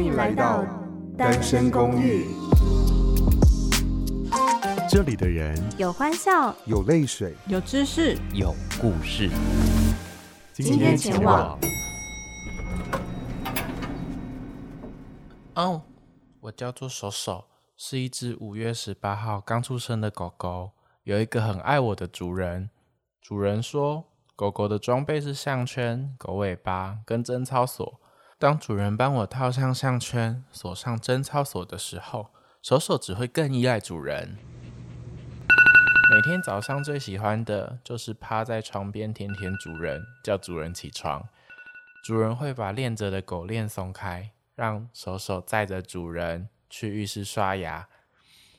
歡迎來到單身，單身公寓。這裡的人有歡笑，有淚水，有知識，有故事。今天請我哦，oh, 我叫做守守，是一隻五月十八號剛出生的狗狗。有一個很愛我的主人。主人說，狗狗的裝備是項圈、狗尾巴跟貞操鎖。當主人幫我套上項圈、鎖上貞操鎖的時候，守守只會更依賴主人。每天早上最喜歡的就是趴在床邊舔舔主人，叫主人起床。主人會把鏈着的狗鏈鬆開，讓守守載着主人去浴室刷牙，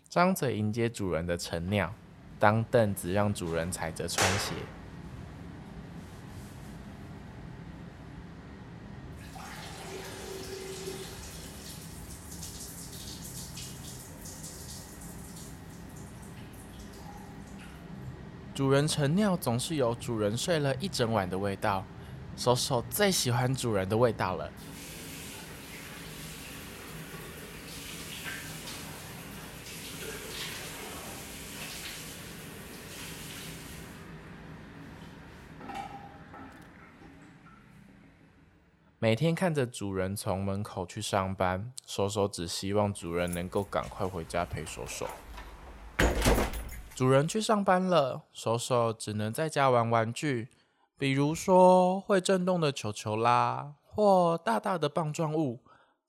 張嘴迎接主人的晨尿，當凳子讓主人踩着穿鞋。主人晨尿總是有主人睡了一整晚的味道，守守最喜歡主人的味道了。每天看着主人從門口去上班，守守只希望主人能夠趕快回家陪守守。主人去上班了，手手只能在家玩玩具，比如說會震動的球球啦，或大大的棒狀物。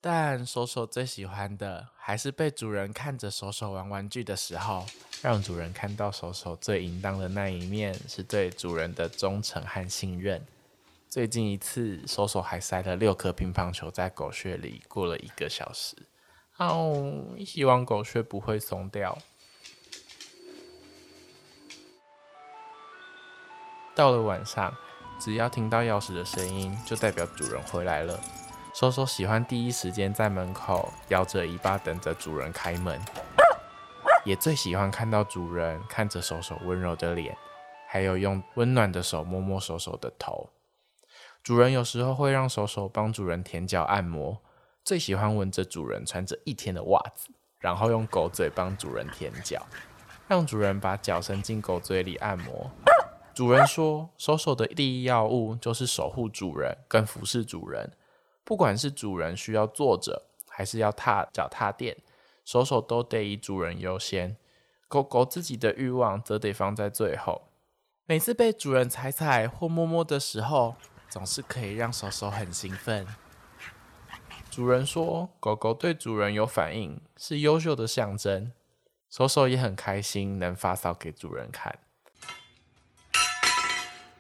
但手手最喜歡的還是被主人看着手手玩玩具的時候，讓主人看到手手最淫蕩的那一面，是對主人的忠誠和信任。最近一次，手手還塞了六顆乒乓球在狗穴裡，過了一個小時。啊、哦，希望狗穴不會鬆掉。到了晚上，只要聽到鑰匙的聲音，就代表主人回來了。守守喜歡第一時間在門口搖着尾巴等着主人開門，也最喜歡看到主人看着守守溫柔的臉，還有用溫暖的手摸摸守守的頭。主人有時候會讓守守幫主人舔腳按摩，最喜歡聞着主人穿着一天的襪子，然後用狗嘴幫主人舔腳，讓主人把腳伸進狗嘴裡按摩。主人說：“守守的第一要務就是守護主人跟服侍主人，不管是主人需要坐着，還是要踏腳踏墊，守守都得以主人優先。狗狗自己的慾望則得放在最後。每次被主人踩踩或摸摸的時候，總是可以讓守守很興奮。”主人說：“狗狗對主人有反應，是優秀的象徵。守守也很開心，能發騷給主人看。”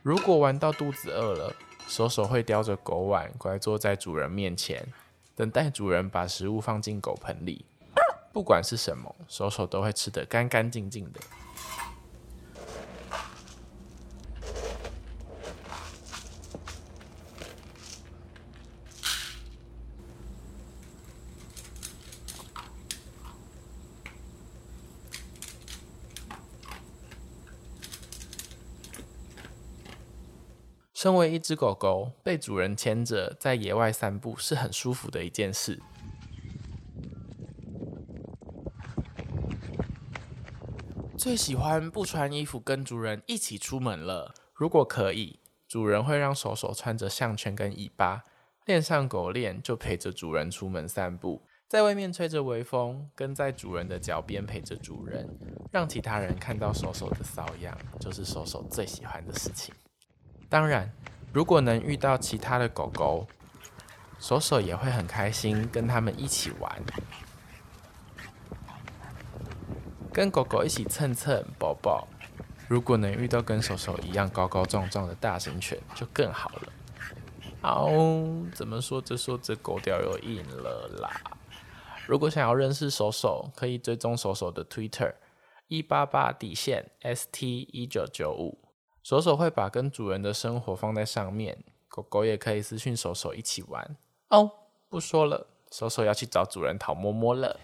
如果玩到肚子餓了，守守會叼着狗碗乖坐在主人面前，等待主人把食物放進狗盆裡。不管是什麼，守守都會吃得乾乾淨淨的。身為一隻狗狗，被主人牽着在野外散步是很舒服的一件事。最喜歡不穿衣服跟主人一起出門了。如果可以，主人會讓手手穿着項圈跟尾巴，鏈上狗鏈就陪着主人出門散步，在外面吹着微風，跟在主人的腳邊陪着主人，讓其他人看到手手的騷樣，就是手手最喜歡的事情。當然，如果能遇到其他的狗狗，手手也會很開心，跟他們一起玩，跟狗狗一起蹭蹭、抱抱。如果能遇到跟手手一樣高高壯壯的大型犬，就更好了。哦、oh，怎麼說？就說這狗屌又硬了啦。如果想要認識手手，可以追蹤手手的 Twitter：一八八底線 ST 一九九五。ST1995 守守會把跟主人的生活放在上面，狗狗也可以私訊守守一起玩哦。Oh, 不說了，守守要去找主人討摸摸了。